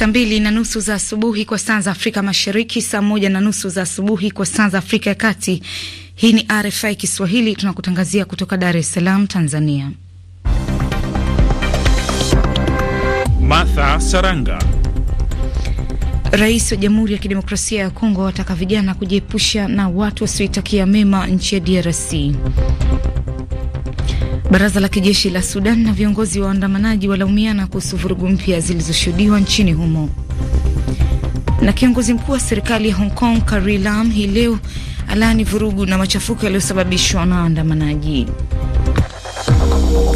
saa mbili na nusu za asubuhi kwa saa za Afrika Mashariki, saa moja na nusu za asubuhi kwa saa za Afrika ya Kati. Hii ni RFI Kiswahili, tunakutangazia kutoka Dar es Salaam, Tanzania. Martha Saranga. Rais wa Jamhuri ya Kidemokrasia ya Kongo wataka vijana kujiepusha na watu wasioitakia mema nchi ya DRC. Baraza la kijeshi la Sudan na viongozi wa waandamanaji walaumiana kuhusu vurugu mpya zilizoshuhudiwa nchini humo. Na kiongozi mkuu wa serikali ya Hong Kong Carrie Lam hii leo alaani vurugu na machafuko yaliyosababishwa na waandamanaji.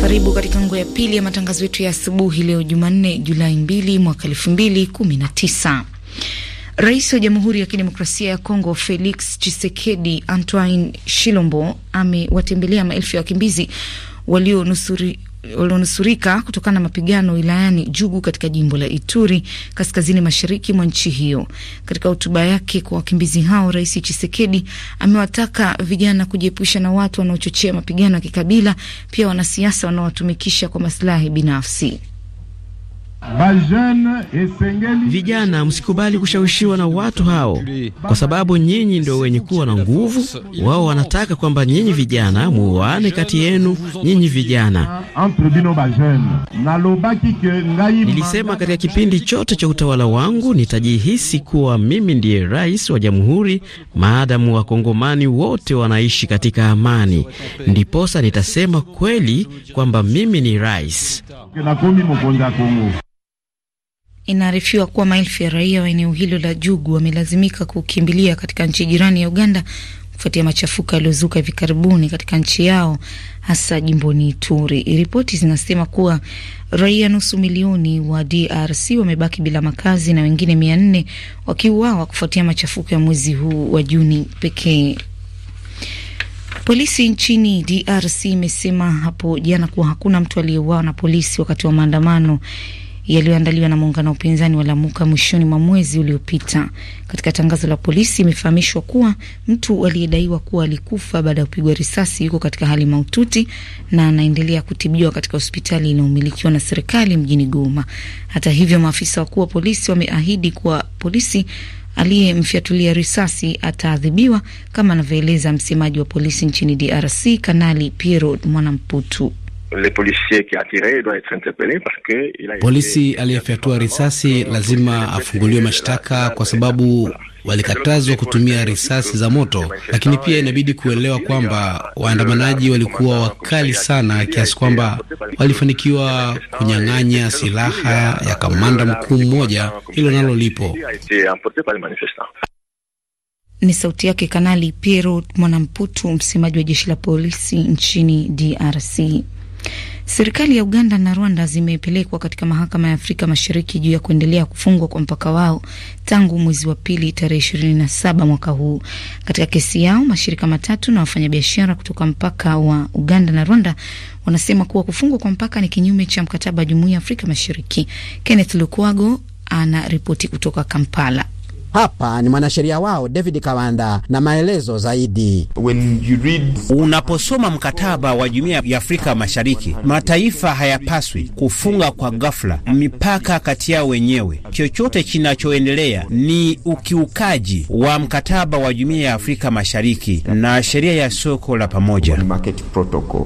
Karibu katika nguo ya pili ya matangazo yetu ya asubuhi leo Jumanne, Julai 2 mwaka 2019. Rais wa Jamhuri ya Kidemokrasia ya Kongo Felix Tshisekedi Antoine Shilombo amewatembelea maelfu ya wakimbizi walionusuri walionusurika kutokana na mapigano wilayani Jugu katika jimbo la Ituri kaskazini mashariki mwa nchi hiyo. Katika hotuba yake kwa wakimbizi hao, Rais Chisekedi amewataka vijana kujiepusha na watu wanaochochea mapigano ya kikabila, pia wanasiasa wanaowatumikisha kwa masilahi binafsi. Vijana, msikubali kushawishiwa na watu hao, kwa sababu nyinyi ndio wenye kuwa na nguvu. Wao wanataka kwamba nyinyi vijana muoane kati yenu, nyinyi vijana. Nilisema katika kipindi chote cha utawala wangu nitajihisi kuwa mimi ndiye rais wa jamhuri, maadamu wakongomani wote wanaishi katika amani, ndiposa nitasema kweli kwamba mimi ni rais. Inaarifiwa kuwa maelfu ya raia wa eneo hilo la Jugu wamelazimika kukimbilia katika nchi jirani ya Uganda kufuatia machafuko yaliyozuka hivi karibuni katika nchi yao hasa jimboni Ituri. Ripoti zinasema kuwa raia nusu milioni wa DRC wamebaki bila makazi na wengine mia nne wakiuawa kufuatia machafuko ya mwezi huu wa Juni pekee. Polisi nchini DRC imesema hapo jana kuwa hakuna mtu aliyeuawa na polisi wakati wa maandamano yaliyoandaliwa na muungano wa upinzani wa Lamuka mwishoni mwa mwezi uliopita. Katika tangazo la polisi, imefahamishwa kuwa mtu aliyedaiwa kuwa alikufa baada ya kupigwa risasi yuko katika hali mahututi na anaendelea kutibiwa katika hospitali inayomilikiwa na serikali mjini Goma. Hata hivyo, maafisa wakuu wa polisi wameahidi kuwa polisi aliyemfyatulia risasi ataadhibiwa kama anavyoeleza msemaji wa polisi nchini DRC Kanali Piero Mwanamputu le policier qui a tiré doit être interpellé parce que il a polisi aliyefyatua risasi lazima afunguliwe mashtaka kwa sababu walikatazwa kutumia risasi za moto, lakini pia inabidi kuelewa kwamba waandamanaji walikuwa wakali sana kiasi kwamba walifanikiwa kunyang'anya silaha ya kamanda mkuu mmoja. Hilo nalo lipo. Ni sauti yake Kanali piero Mwanamputu, msemaji wa jeshi la polisi nchini DRC. Serikali ya Uganda na Rwanda zimepelekwa katika mahakama ya Afrika Mashariki juu ya kuendelea kufungwa kwa mpaka wao tangu mwezi wa pili tarehe saba mwaka huu. Katika kesi yao, mashirika matatu na wafanyabiashara kutoka mpaka wa Uganda na Rwanda wanasema kuwa kufungwa kwa mpaka ni kinyume cha mkataba wa Jumuiya ya Afrika Mashariki. Kenneth Lukwago ana ripoti kutoka Kampala. Hapa ni mwanasheria wao David Kawanda na maelezo zaidi. When you read... unaposoma mkataba wa Jumuiya ya Afrika Mashariki, mataifa hayapaswi kufunga kwa ghafla mipaka kati yao wenyewe. Chochote kinachoendelea ni ukiukaji wa mkataba wa Jumuiya ya Afrika Mashariki na sheria ya soko la pamoja.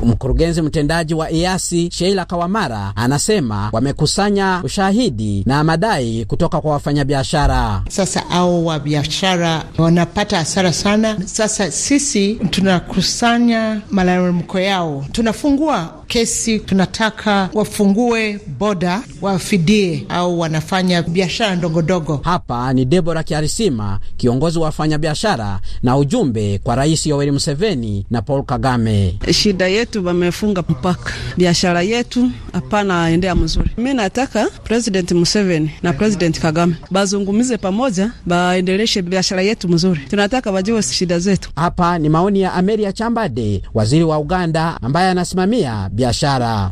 Mkurugenzi mtendaji wa iasi e Sheila Kawamara anasema wamekusanya ushahidi na madai kutoka kwa wafanyabiashara. Sasa au wa biashara wanapata hasara sana. Sasa sisi tunakusanya malalamiko yao, tunafungua kesi, tunataka wafungue boda wafidie, au wanafanya biashara ndogondogo. Hapa ni Debora Kiarisima, kiongozi wa wafanyabiashara, na ujumbe kwa Rais Yoweri Museveni na Paul Kagame: shida yetu wamefunga mpaka biashara yetu, hapana endea mzuri. Mi nataka President Museveni na President Kagame bazungumize pamoja, baendeleshe biashara yetu mzuri, tunataka wajue shida zetu. Hapa ni maoni ya Ameria Chambade, waziri wa Uganda ambaye anasimamia biashara.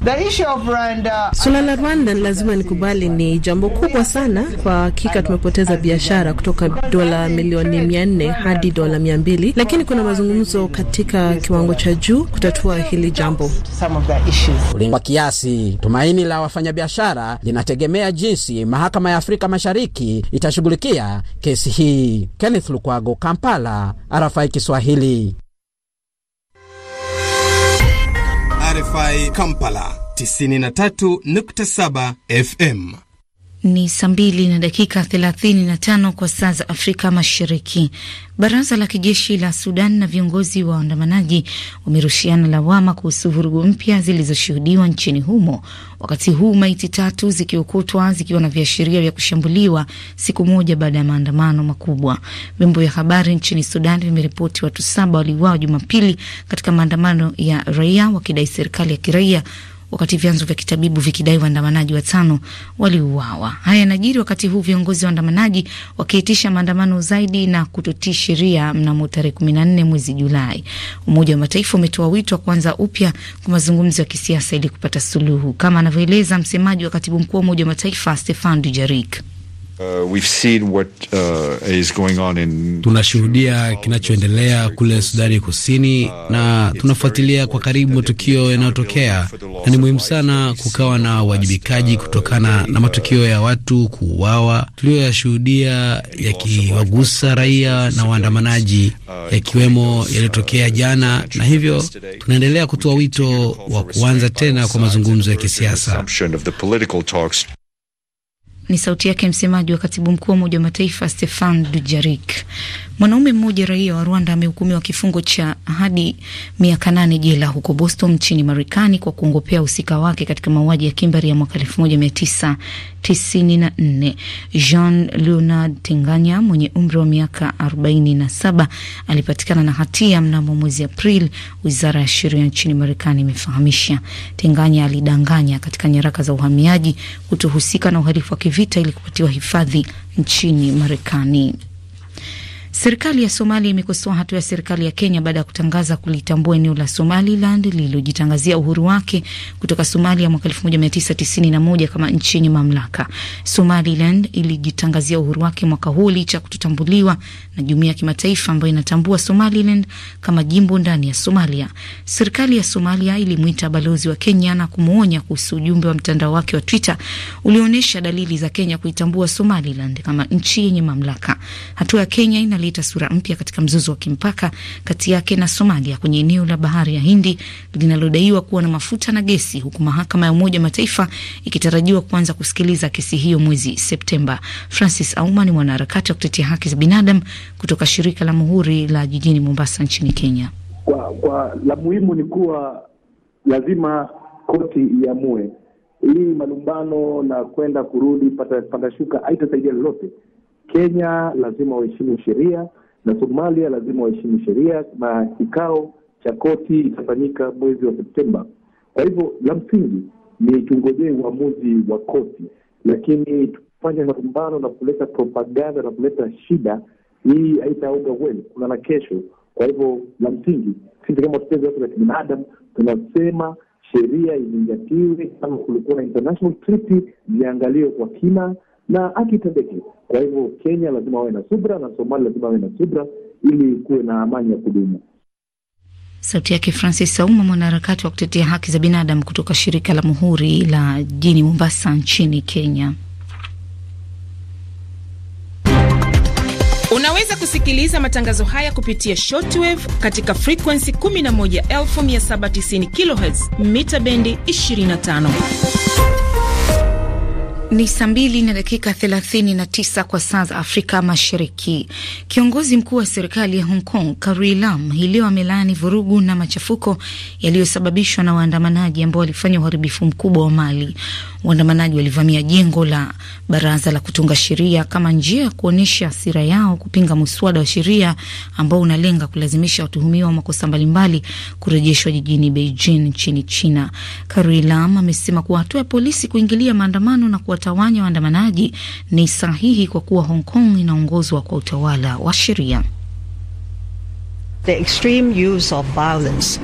Suala la Rwanda lazima nikubali, ni jambo kubwa sana kwa hakika. Tumepoteza biashara kutoka dola milioni mia nne hadi dola mia mbili, lakini kuna mazungumzo katika kiwango cha juu kutatua hili jambo kwa kiasi. Tumaini la wafanyabiashara linategemea jinsi mahakama ya Afrika Mashariki itashughulikia kesi hii. Kenneth Lukwago, Kampala, RFI Kiswahili. RFI Kampala 93.7 FM. Ni saa mbili na dakika tano kwa saa za Afrika Mashariki. Baraza la kijeshi la Sudan na viongozi wa waandamanaji wamerushiana lawama kuhusu vurugu mpya zilizoshuhudiwa nchini humo, wakati huu maiti tatu zikiokotwa zikiwa na viashiria vya kushambuliwa siku moja baada ya maandamano makubwa. Vyombo vya habari nchini Sudan vimeripoti watu saba waliuawa Jumapili katika maandamano ya raia wakidai serikali ya kiraia wakati vyanzo vya kitabibu vikidai waandamanaji watano waliuawa. Haya yanajiri wakati huu viongozi wa waandamanaji wakiitisha maandamano zaidi na kutotii sheria mnamo tarehe nne mwezi Julai. Umoja wa Mataifa umetoa wito wa kuanza upya kwa mazungumzo ya kisiasa ili kupata suluhu, kama anavyoeleza msemaji wa katibu mkuu wa Umoja wa Mataifa Stefan Dujarik. Uh, uh, Tunashuhudia kinachoendelea kule Sudani Kusini uh, na tunafuatilia kwa karibu matukio yanayotokea, na ni muhimu sana kukawa na uwajibikaji kutokana na matukio ya watu kuuawa tuliyoyashuhudia yakiwagusa raia na waandamanaji, yakiwemo yaliyotokea jana, na hivyo tunaendelea kutoa wito wa kuanza tena kwa mazungumzo ya kisiasa. Ni sauti yake msemaji wa katibu mkuu wa Umoja wa Mataifa Stefan Dujarik. Mwanaume mmoja raia wa Rwanda amehukumiwa kifungo cha hadi miaka nane jela huko Boston nchini Marekani kwa kuongopea uhusika wake katika mauaji ya kimbari ya mwaka 1994. Jean Leonard Tenganya mwenye umri wa miaka 47 alipatikana na hatia mnamo mwezi Aprili, wizara ya sheria nchini Marekani imefahamisha. Tenganya alidanganya katika nyaraka za uhamiaji kutohusika na uhalifu wa kivita ili kupatiwa hifadhi nchini Marekani. Serikali ya Somalia imekosoa hatua ya serikali ya Kenya baada ya kutangaza kulitambua eneo la Somaliland lililojitangazia uhuru wake kutoka Somalia mwaka 1991 kama nchi yenye mamlaka. Somaliland ilijitangazia uhuru wake mwaka huu licha kutotambuliwa na jumuiya ya kimataifa ambayo inatambua Somaliland kama jimbo ndani ya Somalia. Serikali ya Somalia ilimwita balozi wa Kenya na kumwonya kuhusu ujumbe wa mtandao wake wa Twitter ulioonyesha dalili za Kenya kuitambua Somaliland kama nchi yenye mamlaka. Hatua ya Kenya inali kuleta sura mpya katika mzozo wa kimpaka kati yake na Somalia kwenye eneo la bahari ya Hindi linalodaiwa kuwa na mafuta na gesi, huku mahakama ya Umoja Mataifa ikitarajiwa kuanza kusikiliza kesi hiyo mwezi Septemba. Francis Auma ni mwanaharakati wa kutetea haki za binadamu kutoka shirika la Muhuri la jijini Mombasa nchini Kenya. Kwa, kwa la muhimu ni kuwa lazima koti iamue hii malumbano na kwenda kurudi pata, pata shuka haitasaidia lolote. Kenya lazima waheshimu sheria na Somalia lazima waheshimu sheria, na kikao cha koti itafanyika mwezi wa Septemba. Kwa hivyo la msingi ni tungojee uamuzi wa koti, lakini tufanya marumbano na kuleta propaganda na kuleta shida, hii haitaunga kweli, kuna na kesho. Kwa hivyo la msingi sisi kama watetezi watu za kibinadamu tunasema sheria izingatiwe, kama kulikuwa na international treaty ziangaliwe kwa kina na akitendeke. Kwa hivyo, Kenya lazima wawe na subra na Somali lazima wawe na subra ili kuwe na amani ya kudumu. Sauti yake Francis Auma, mwanaharakati wa kutetea haki za binadamu kutoka shirika la Muhuri la jini Mombasa nchini Kenya. Unaweza kusikiliza matangazo haya kupitia shortwave katika frequency 11790 kHz mita bendi 25. Ni saa mbili na dakika 39 kwa saa za Afrika Mashariki. Kiongozi mkuu wa serikali ya Hong Kong Carrie Lam hii leo amelaani vurugu na machafuko yaliyosababishwa na waandamanaji ambao walifanya uharibifu mkubwa wa mali waandamanaji walivamia jengo la baraza la kutunga sheria kama njia ya kuonyesha hasira yao kupinga mswada wa sheria ambao unalenga kulazimisha watuhumiwa wa makosa mbalimbali kurejeshwa jijini Beijing nchini China. Carrie Lam amesema kuwa hatua ya polisi kuingilia maandamano na kuwatawanya waandamanaji ni sahihi kwa kuwa Hong Kong inaongozwa kwa utawala wa sheria. The extreme use of violence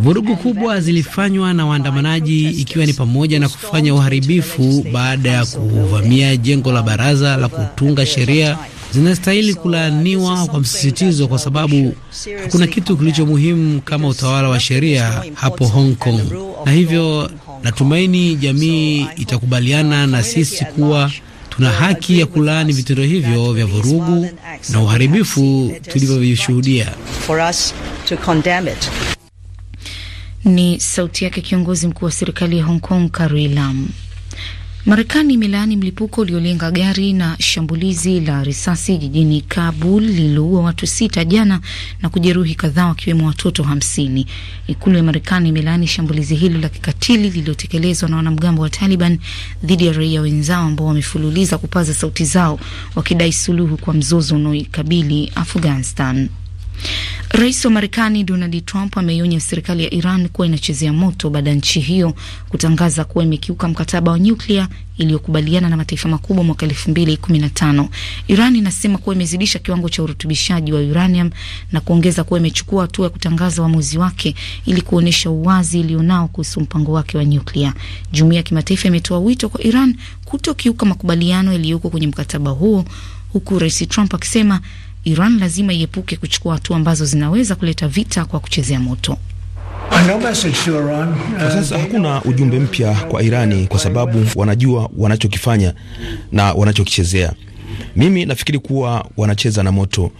Vurugu kubwa zilifanywa na waandamanaji ikiwa ni pamoja na kufanya uharibifu baada ya kuvamia jengo la baraza la kutunga sheria zinastahili kulaaniwa kwa msisitizo, kwa sababu hakuna kitu kilicho muhimu kama utawala wa sheria hapo Hong Kong, na hivyo natumaini jamii itakubaliana na sisi kuwa tuna haki ya kulaani vitendo hivyo vya vurugu na uharibifu tulivyovishuhudia. Ni sauti yake kiongozi mkuu wa serikali ya Hong Kong Carrie Lam. Marekani imelaani mlipuko uliolenga gari na shambulizi la risasi jijini Kabul lililoua watu sita jana na kujeruhi kadhaa wakiwemo watoto hamsini. Ikulu ya Marekani imelaani shambulizi hilo la kikatili lililotekelezwa na wanamgambo wa Taliban dhidi ya raia wenzao ambao wamefululiza kupaza sauti zao wakidai suluhu kwa mzozo unaoikabili Afghanistan. Rais wa Marekani Donald Trump ameionya serikali ya Iran kuwa inachezea moto baada ya nchi hiyo kutangaza kuwa imekiuka mkataba wa nyuklia iliyokubaliana na mataifa makubwa mwaka tano. Iran inasema kuwa imezidisha kiwango cha urutubishaji wa uranium na kuongeza kuwa imechukua hatua ya kutangaza uamuzi wa wake ili kuonyesha uwazi ilionao kuhusu mpango wake wa nyuklia. jumuia ya kimataifa imetoa wito kwa Iran kutokiuka makubaliano yaliyoko kwenye mkataba huo huku Rais Trump akisema Iran lazima iepuke kuchukua hatua ambazo zinaweza kuleta vita kwa kuchezea moto. Kwa uh, sasa hakuna ujumbe mpya kwa Irani kwa sababu wanajua wanachokifanya na wanachokichezea. Mimi nafikiri kuwa wanacheza na moto,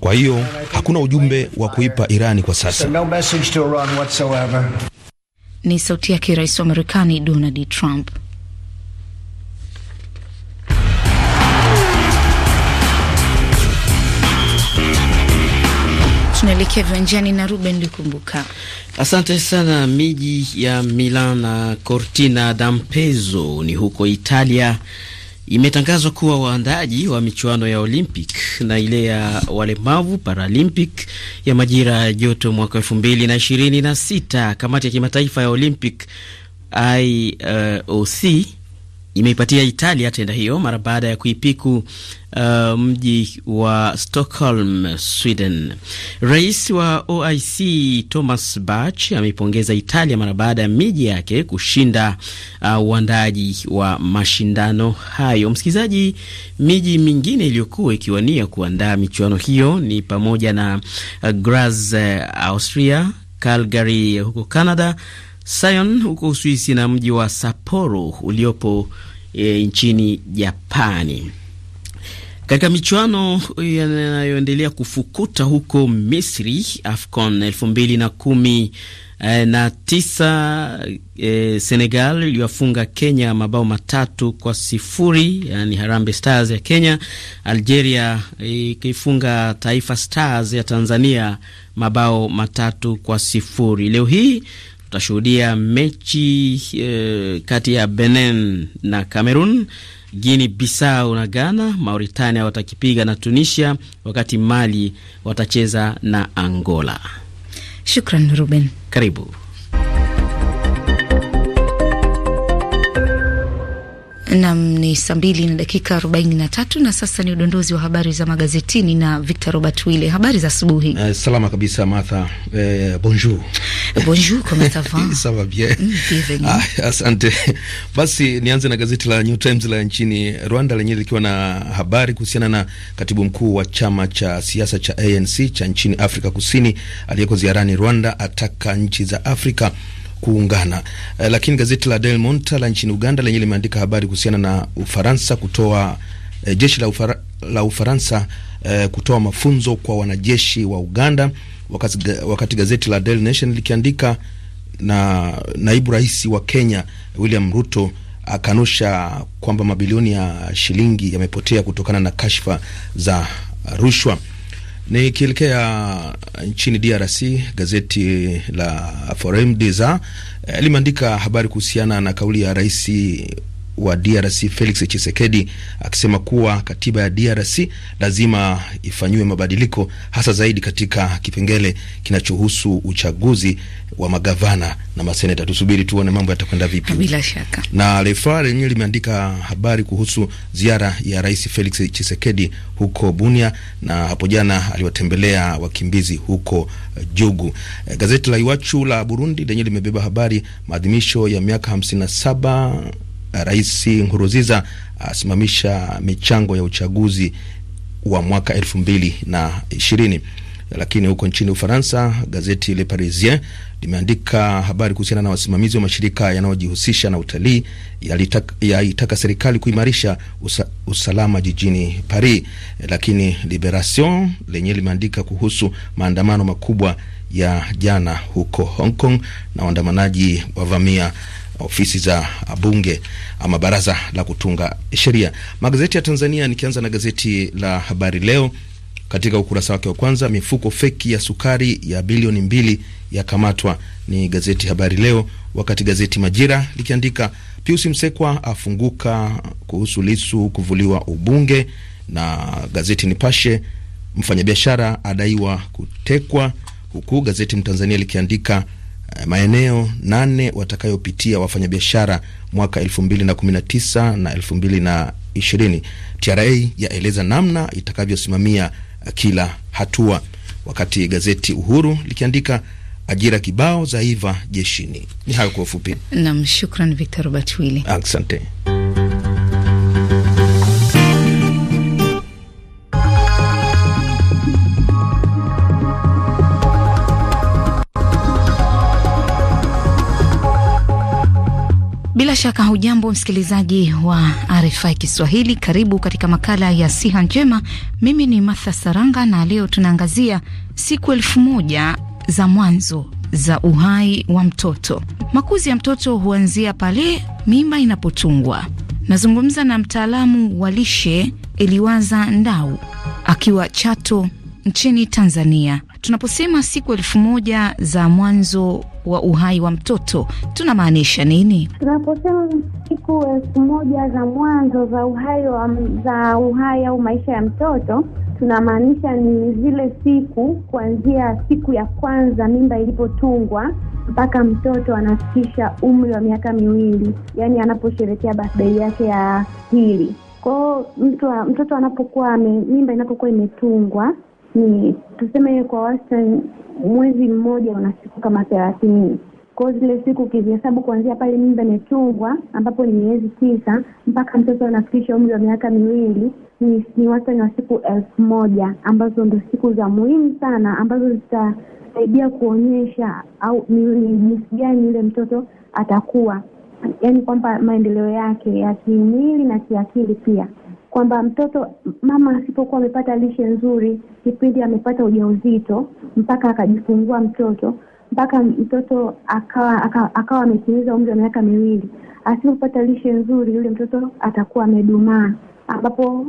kwa hiyo hakuna ujumbe wa kuipa Irani kwa sasa. Ni sauti yake Rais wa Marekani Donald Trump. Tunaelekea viwanjani na Ruben Likumbuka. Asante sana. Miji ya Milan na Cortina d'Ampezzo ni huko Italia imetangazwa kuwa waandaji wa michuano ya Olympic na ile ya walemavu Paralympic ya majira ya joto mwaka elfu mbili na ishirini na sita. Kamati ya kimataifa ya Olympic IOC uh, imeipatia Italia tenda hiyo mara baada ya kuipiku uh, mji wa Stockholm, Sweden. Rais wa OIC Thomas Bach ameipongeza Italia mara baada ya miji yake kushinda uh, uandaaji uh, wa mashindano hayo. Msikilizaji, miji mingine iliyokuwa ikiwania kuandaa michuano hiyo ni pamoja na uh, Graz, uh, Austria, Calgary huko Canada Sion huko Uswisi na mji wa Sapporo uliopo e, nchini Japani. Katika michuano e, yanayoendelea kufukuta huko Misri, AFCON elfu mbili na kumi e, na tisa e, Senegal iliwafunga Kenya mabao matatu kwa sifuri, yani harambe Stars ya Kenya. Algeria e, ikifunga e, Taifa Stars ya Tanzania mabao matatu kwa sifuri. Leo hii tutashuhudia mechi e, kati ya Benin na Cameroon, guini Bissau na Ghana, Mauritania watakipiga na Tunisia, wakati Mali watacheza na Angola. Shukran Ruben, karibu. Nam ni saa mbili na dakika arobaini na tatu na sasa ni udondozi wa habari za magazetini na Victor Robert Wile. Habari za asubuhi. Uh, salama kabisa Martha. Uh, bonjour. Eh, bonjour, comment ça va? Ça va bien. Mm, ah, asante. Basi nianze na gazeti la New Times la nchini Rwanda lenye likiwa na habari kuhusiana na katibu mkuu wa chama cha siasa cha ANC cha nchini Afrika Kusini aliyeko ziarani Rwanda ataka nchi za Afrika kuungana. Uh, lakini gazeti la del monta la nchini Uganda lenye limeandika habari kuhusiana na Ufaransa kutoa uh, jeshi la, Ufara, la Ufaransa uh, kutoa mafunzo kwa wanajeshi wa Uganda, wakati, wakati gazeti la Daily Nation likiandika na naibu rais wa Kenya William Ruto akanusha kwamba mabilioni ya shilingi yamepotea kutokana na kashfa za rushwa. Nikielekea nchini DRC, gazeti la Forem Deza eh, limeandika habari kuhusiana na kauli ya rais wa DRC Felix Chisekedi akisema kuwa katiba ya DRC lazima ifanyiwe mabadiliko hasa zaidi katika kipengele kinachohusu uchaguzi wa magavana na maseneta. Tusubiri tuone mambo yatakwenda vipi. Bila shaka. Na Le Phare lenyewe limeandika habari kuhusu ziara ya Rais Felix Chisekedi huko Bunia, na hapo jana aliwatembelea wakimbizi huko eh, Jugu. Eh, gazeti la Iwachu la Burundi lenyewe limebeba habari maadhimisho ya miaka 57 Eh, Rais Nkurunziza asimamisha michango ya uchaguzi wa mwaka elfu mbili na ishirini. Lakini huko nchini Ufaransa, gazeti Le Parisien limeandika habari kuhusiana na wasimamizi wa mashirika yanayojihusisha na utalii yaitaka serikali kuimarisha usa, usalama jijini Paris. Eh, lakini Liberation lenyewe limeandika kuhusu maandamano makubwa ya jana huko Hong Kong na waandamanaji wavamia ofisi za bunge ama baraza la kutunga sheria. Magazeti ya Tanzania, nikianza na gazeti la Habari Leo, katika ukurasa wake wa kwanza, mifuko feki ya sukari ya bilioni mbili yakamatwa, ni gazeti Habari Leo. Wakati gazeti Majira likiandika Pius Msekwa afunguka kuhusu Lisu kuvuliwa ubunge, na gazeti Nipashe mfanyabiashara adaiwa kutekwa, huku gazeti Mtanzania likiandika Eh, maeneo nane watakayopitia wafanyabiashara mwaka 2019 na 2020. TRA yaeleza namna itakavyosimamia eh, kila hatua, wakati gazeti Uhuru likiandika ajira kibao za iva jeshini. Ni hayo kwa ufupi. Nam, shukran Victor Robert Wile, asante. shaka hujambo msikilizaji wa RFI Kiswahili, karibu katika makala ya siha njema. Mimi ni Martha Saranga na leo tunaangazia siku elfu moja za mwanzo za uhai wa mtoto. Makuzi ya mtoto huanzia pale mimba inapotungwa. Nazungumza na mtaalamu wa lishe Eliwaza Ndau akiwa Chato nchini Tanzania. Tunaposema siku elfu moja za mwanzo wa uhai wa mtoto tunamaanisha nini tunaposema siku elfu moja za mwanzo za uhai za uhai au maisha ya mtoto? Tunamaanisha ni zile siku kuanzia siku ya kwanza mimba ilipotungwa mpaka mtoto anafikisha umri wa miaka miwili, yaani anaposherekea birthday yake ya pili. Kwao mtoto anapokuwa mimba inapokuwa imetungwa ni tuseme kwa wastani mwezi mmoja una siku kama thelathini kwao zile siku ukizihesabu kuanzia pale mimba imetungwa ambapo ni miezi tisa mpaka mtoto anafikisha umri wa miaka miwili ni, ni wastani wa siku elfu moja ambazo ndo siku za muhimu sana ambazo zitasaidia kuonyesha au ni jinsi gani yule mtoto atakuwa yaani kwamba maendeleo yake ya kimwili na kiakili pia kwamba mtoto mama asipokuwa amepata lishe nzuri kipindi amepata ujauzito mpaka akajifungua mtoto mpaka mtoto akawa ametimiza umri wa miaka miwili, asipopata lishe nzuri, yule mtoto atakuwa amedumaa, ambapo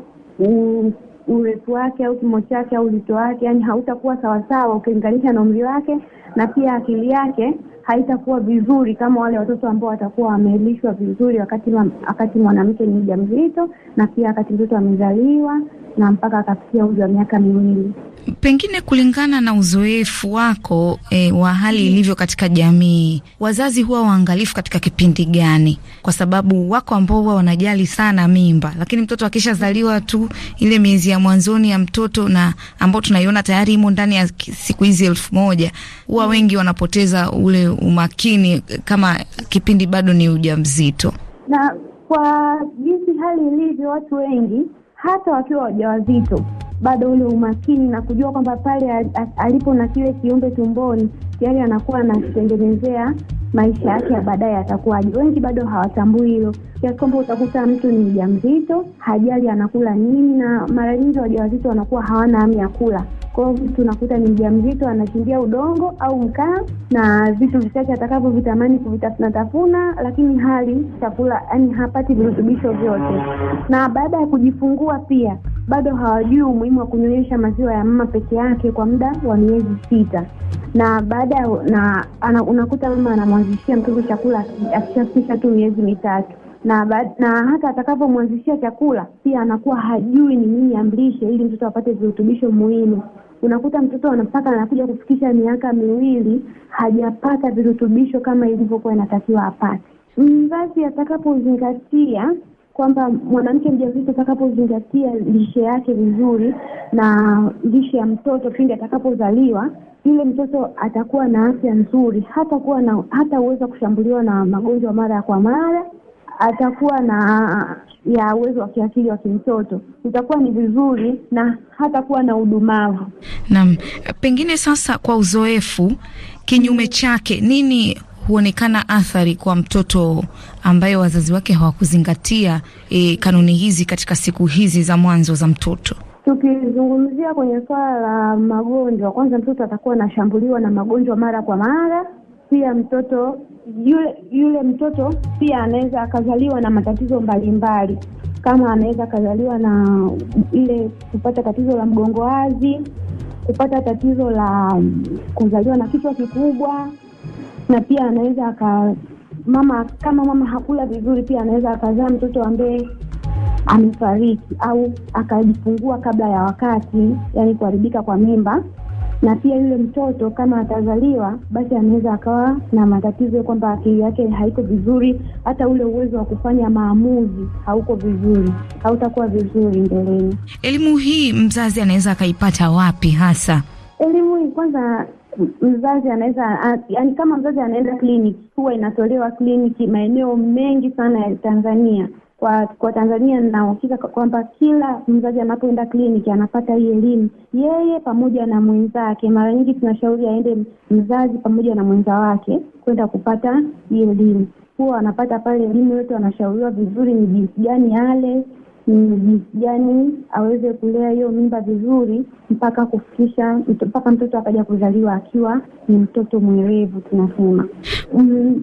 urefu wake au kimo chake au uzito wake, yani hautakuwa sawasawa ukilinganisha na umri wake na pia akili yake haitakuwa vizuri kama wale watoto ambao watakuwa wamelishwa vizuri wakati wakati mwanamke ni mjamzito na pia wakati mtoto amezaliwa na mpaka akafikia umri wa miaka miwili. Pengine kulingana na uzoefu wako e, wa hali ilivyo katika jamii, wazazi huwa waangalifu katika kipindi gani? Kwa sababu wako ambao huwa wanajali sana mimba, lakini mtoto akishazaliwa tu ile miezi ya mwanzoni ya mtoto na ambao tunaiona tayari imo ndani ya siku hizi elfu moja huwa wengi wanapoteza ule umakini kama kipindi bado ni ujauzito. Na kwa jinsi hali ilivyo, watu wengi hata wakiwa wajawazito bado ule umakini na kujua kwamba pale alipo na kile kiumbe tumboni tayari anakuwa anakitengenezea maisha yake ya baadaye atakuwaje. Wengi bado hawatambui hilo, kiasi kwamba utakuta mtu ni mjamzito, hajali anakula nini, na mara nyingi wajawazito wanakuwa hawana hamu ya kula, kwa hiyo tunakuta ni mjamzito anachimbia udongo au mkaa na vitu vichache atakavyovitamani kuvitafuna tafuna, lakini hali chakula yani hapati virutubisho vyote. Na baada ya kujifungua pia bado hawajui umuhimu wa kunyonyesha maziwa ya mama peke yake kwa muda wa miezi sita na baada na ana, unakuta mama anamwanzishia mtoto chakula akishafikisha tu miezi mitatu na ba, na hata atakapomwanzishia chakula pia anakuwa hajui ni nini amlishe ili mtoto apate virutubisho muhimu unakuta mtoto anampaka anakuja kufikisha miaka miwili hajapata virutubisho kama ilivyokuwa inatakiwa apate. Mzazi atakapozingatia kwamba mwanamke mjamzito atakapozingatia lishe yake vizuri na lishe ya mtoto pindi atakapozaliwa, yule mtoto atakuwa na afya nzuri, hatakuwa na hata uweza kushambuliwa na magonjwa mara kwa mara atakuwa na ya uwezo wa kiakili wa kimtoto, utakuwa ni vizuri na hata kuwa na udumavu. Naam, pengine sasa, kwa uzoefu kinyume chake, nini huonekana athari kwa mtoto ambaye wazazi wake hawakuzingatia e, kanuni hizi katika siku hizi za mwanzo za mtoto? Tukizungumzia kwenye swala la magonjwa, kwanza mtoto atakuwa anashambuliwa na magonjwa mara kwa mara pia mtoto yule yule mtoto pia anaweza akazaliwa na matatizo mbalimbali Kama anaweza akazaliwa na ile kupata tatizo la mgongo wazi, kupata tatizo la kuzaliwa na kichwa kikubwa, na pia anaweza aka mama kama mama hakula vizuri, pia anaweza akazaa mtoto ambaye amefariki au akajifungua kabla ya wakati, yaani kuharibika kwa mimba na pia yule mtoto kama atazaliwa basi anaweza akawa na matatizo kwamba akili yake haiko vizuri, hata ule uwezo wa kufanya maamuzi hauko vizuri, hautakuwa vizuri mbeleni. Elimu hii mzazi anaweza akaipata wapi hasa? Elimu hii kwanza mzazi anaweza yaani, kama mzazi anaenda kliniki, huwa inatolewa kliniki maeneo mengi sana ya Tanzania kwa kwa Tanzania na uhakika kwamba kila mzazi anapoenda kliniki anapata hii elimu yeye pamoja na mwenzake. Mara nyingi tunashauri aende mzazi pamoja na mwenza wake kwenda kupata hii elimu, huwa anapata pale elimu yote, anashauriwa vizuri ni jinsi gani ale yani aweze kulea hiyo mimba vizuri mpaka kufikisha mpaka mtoto akaja kuzaliwa akiwa ni mtoto mwerevu. Tunasema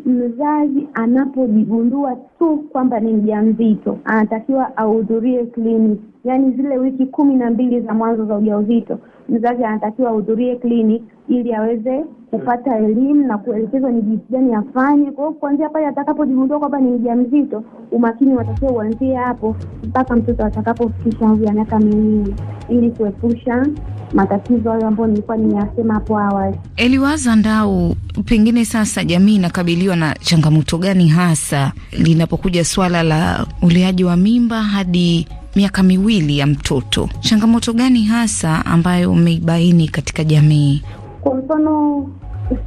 mzazi anapojigundua tu kwamba ni mja mzito anatakiwa ahudhurie kliniki, yaani zile wiki kumi na mbili za mwanzo za ujauzito mzazi anatakiwa ahudhurie clinic ili aweze kupata elimu na kuelekezwa ni jinsi gani afanye. Kwa hiyo kuanzia pale atakapojigundua kwamba ni mja mzito umakini watakiwa uanzie hapo mpaka mtoto atakapofikisha umri wa miaka miwili ili kuepusha matatizo hayo ambayo nilikuwa nimeyasema hapo awali. Eliwaza Ndau, pengine sasa jamii inakabiliwa na changamoto gani hasa linapokuja swala la uleaji wa mimba hadi miaka miwili ya mtoto, changamoto gani hasa ambayo umeibaini katika jamii? Kwa mfano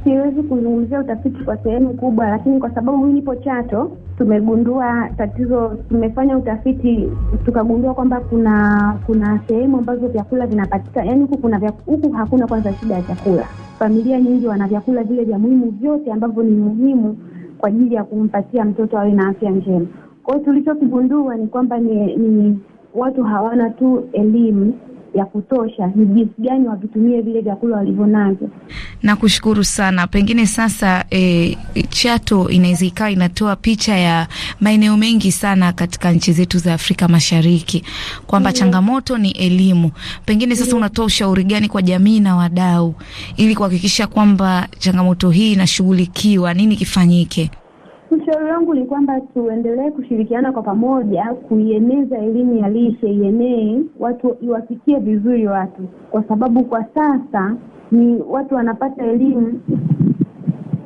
siwezi kuzungumzia utafiti kwa sehemu kubwa, lakini kwa sababu mimi nipo Chato, tumegundua tatizo. Tumefanya utafiti tukagundua kwamba kuna kuna sehemu ambazo vyakula vinapatikana, yani huku kuna huku hakuna kwanza shida ya chakula. Familia nyingi wana vyakula vile vya muhimu vyote ambavyo ni muhimu kwa ajili ya kumpatia mtoto awe na afya njema. Kwa hiyo tulichokigundua ni kwamba ni, ni watu hawana tu elimu ya kutosha ni jinsi gani wavitumie vile vyakula walivyonavyo. Nakushukuru sana. Pengine sasa e, Chato inaweza ikawa inatoa picha ya maeneo mengi sana katika nchi zetu za Afrika Mashariki kwamba mm -hmm. changamoto ni elimu. Pengine sasa mm -hmm. unatoa ushauri gani kwa jamii na wadau ili kuhakikisha kwamba changamoto hii inashughulikiwa? Nini kifanyike? Ushauri wangu ni kwamba tuendelee kushirikiana kwa pamoja kuieneza elimu ya lishe, ienee watu, iwafikie vizuri watu, kwa sababu kwa sasa ni watu wanapata elimu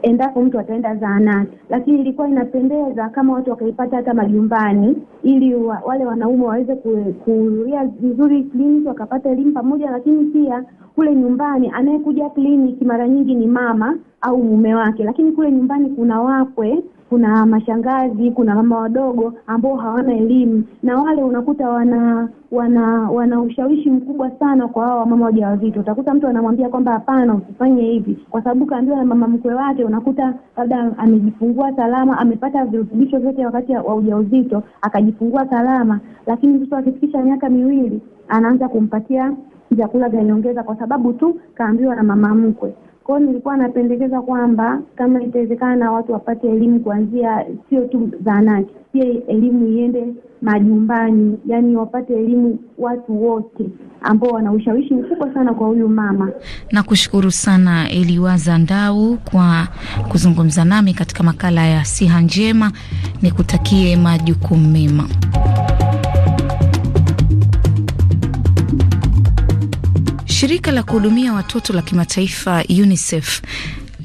endapo mtu ataenda zahanati, lakini ilikuwa inapendeza kama watu wakaipata hata majumbani, ili wa, wale wanaume waweze kuhudhuria vizuri kliniki wakapata elimu pamoja. Lakini pia kule nyumbani, anayekuja kliniki mara nyingi ni mama au mume wake, lakini kule nyumbani kuna wakwe kuna mashangazi, kuna mama wadogo ambao hawana elimu, na wale unakuta wana wana wana ushawishi mkubwa sana kwa hao mama wajawazito. Utakuta mtu anamwambia kwamba hapana, usifanye hivi, kwa sababu kaambiwa na mama mkwe wake. Unakuta labda amejifungua salama, amepata virutubisho vyote wakati wa ujauzito, akajifungua salama, lakini mtoto akifikisha miaka miwili anaanza kumpatia vyakula vya nyongeza kwa sababu tu kaambiwa na mama mkwe. Kwa hiyo nilikuwa napendekeza kwamba kama itawezekana, watu wapate elimu kuanzia, sio tu zahanati, pia elimu iende majumbani, yani wapate elimu watu wote ambao wana ushawishi mkubwa sana kwa huyu mama. Nakushukuru sana Eliwaza Ndau kwa kuzungumza nami katika makala ya Siha Njema, nikutakie majukumu mema. Shirika la kuhudumia watoto la kimataifa UNICEF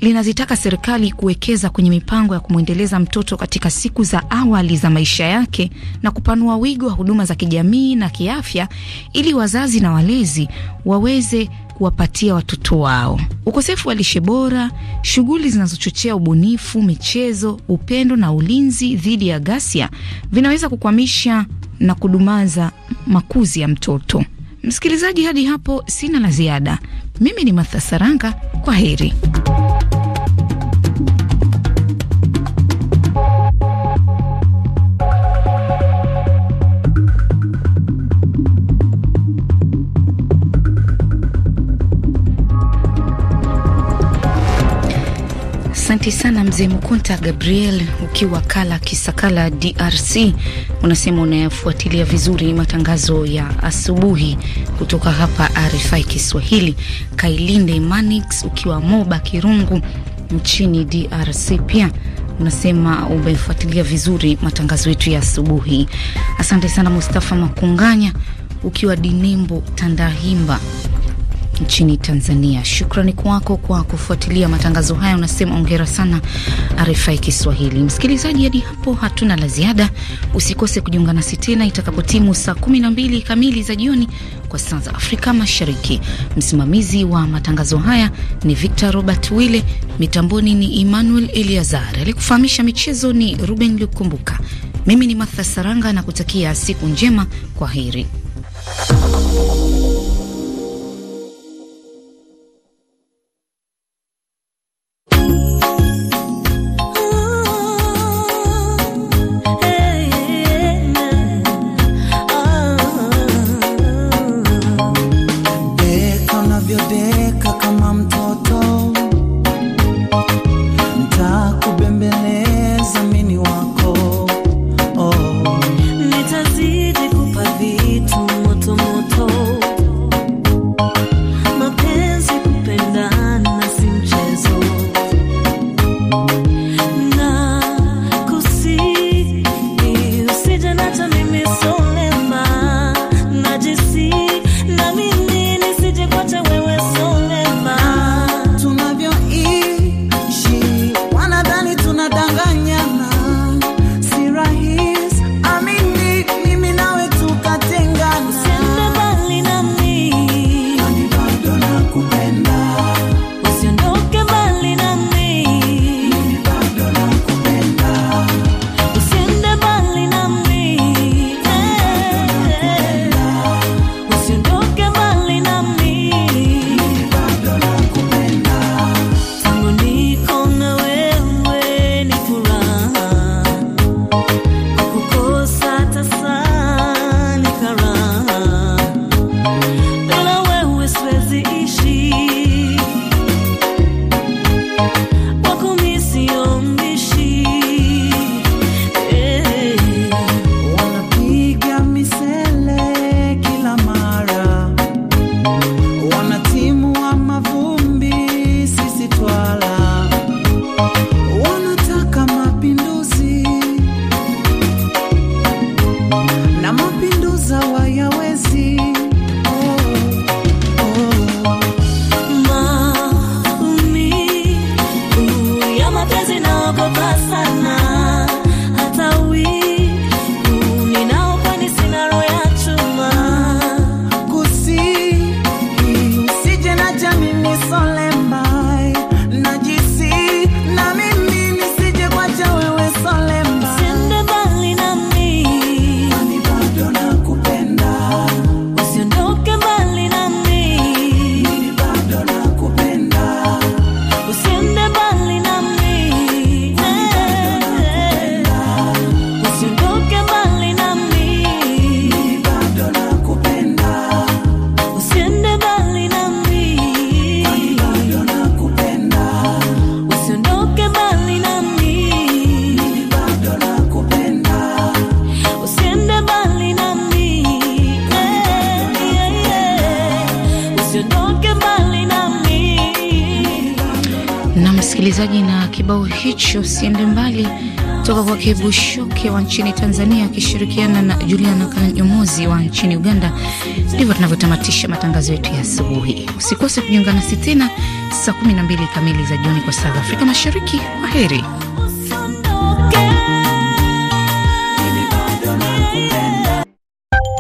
linazitaka serikali kuwekeza kwenye mipango ya kumwendeleza mtoto katika siku za awali za maisha yake na kupanua wigo wa huduma za kijamii na kiafya ili wazazi na walezi waweze kuwapatia watoto wao. Ukosefu wa lishe bora, shughuli zinazochochea ubunifu, michezo, upendo na ulinzi dhidi ya ghasia vinaweza kukwamisha na kudumaza makuzi ya mtoto. Msikilizaji, hadi hapo sina la ziada. Mimi ni mathasaranga Saranga, kwa heri. Asante sana mzee Mkunta Gabriel, ukiwa Kala Kisakala, DRC. Unasema unayafuatilia vizuri matangazo ya asubuhi kutoka hapa RFI Kiswahili. Kailinde Manix, ukiwa Moba Kirungu nchini DRC pia unasema umefuatilia vizuri matangazo yetu ya asubuhi. Asante sana Mustafa Makunganya, ukiwa Dinembo Tandahimba nchini Tanzania. Shukrani kwako kwa kufuatilia matangazo haya, unasema ongera sana RFI Kiswahili. Msikilizaji, hadi hapo hatuna la ziada. Usikose kujiunga nasi tena itakapotimu saa 12 kamili za jioni kwa saa za Afrika Mashariki. Msimamizi wa matangazo haya ni Victor Robert Wille, mitamboni ni Emmanuel Eliazar, alikufahamisha michezo ni Ruben Lukumbuka. Mimi ni Martha Saranga na kutakia siku njema. Kwa heri. hicho. Siende mbali toka kwa Kebushoke wa nchini Tanzania akishirikiana na Juliana Kanyomozi wa nchini Uganda. Ndivyo tunavyotamatisha matangazo yetu ya asubuhi. Usikose kujiunga nasi tena saa 12 kamili za jioni kwa saa za Afrika Mashariki. Kwa heri.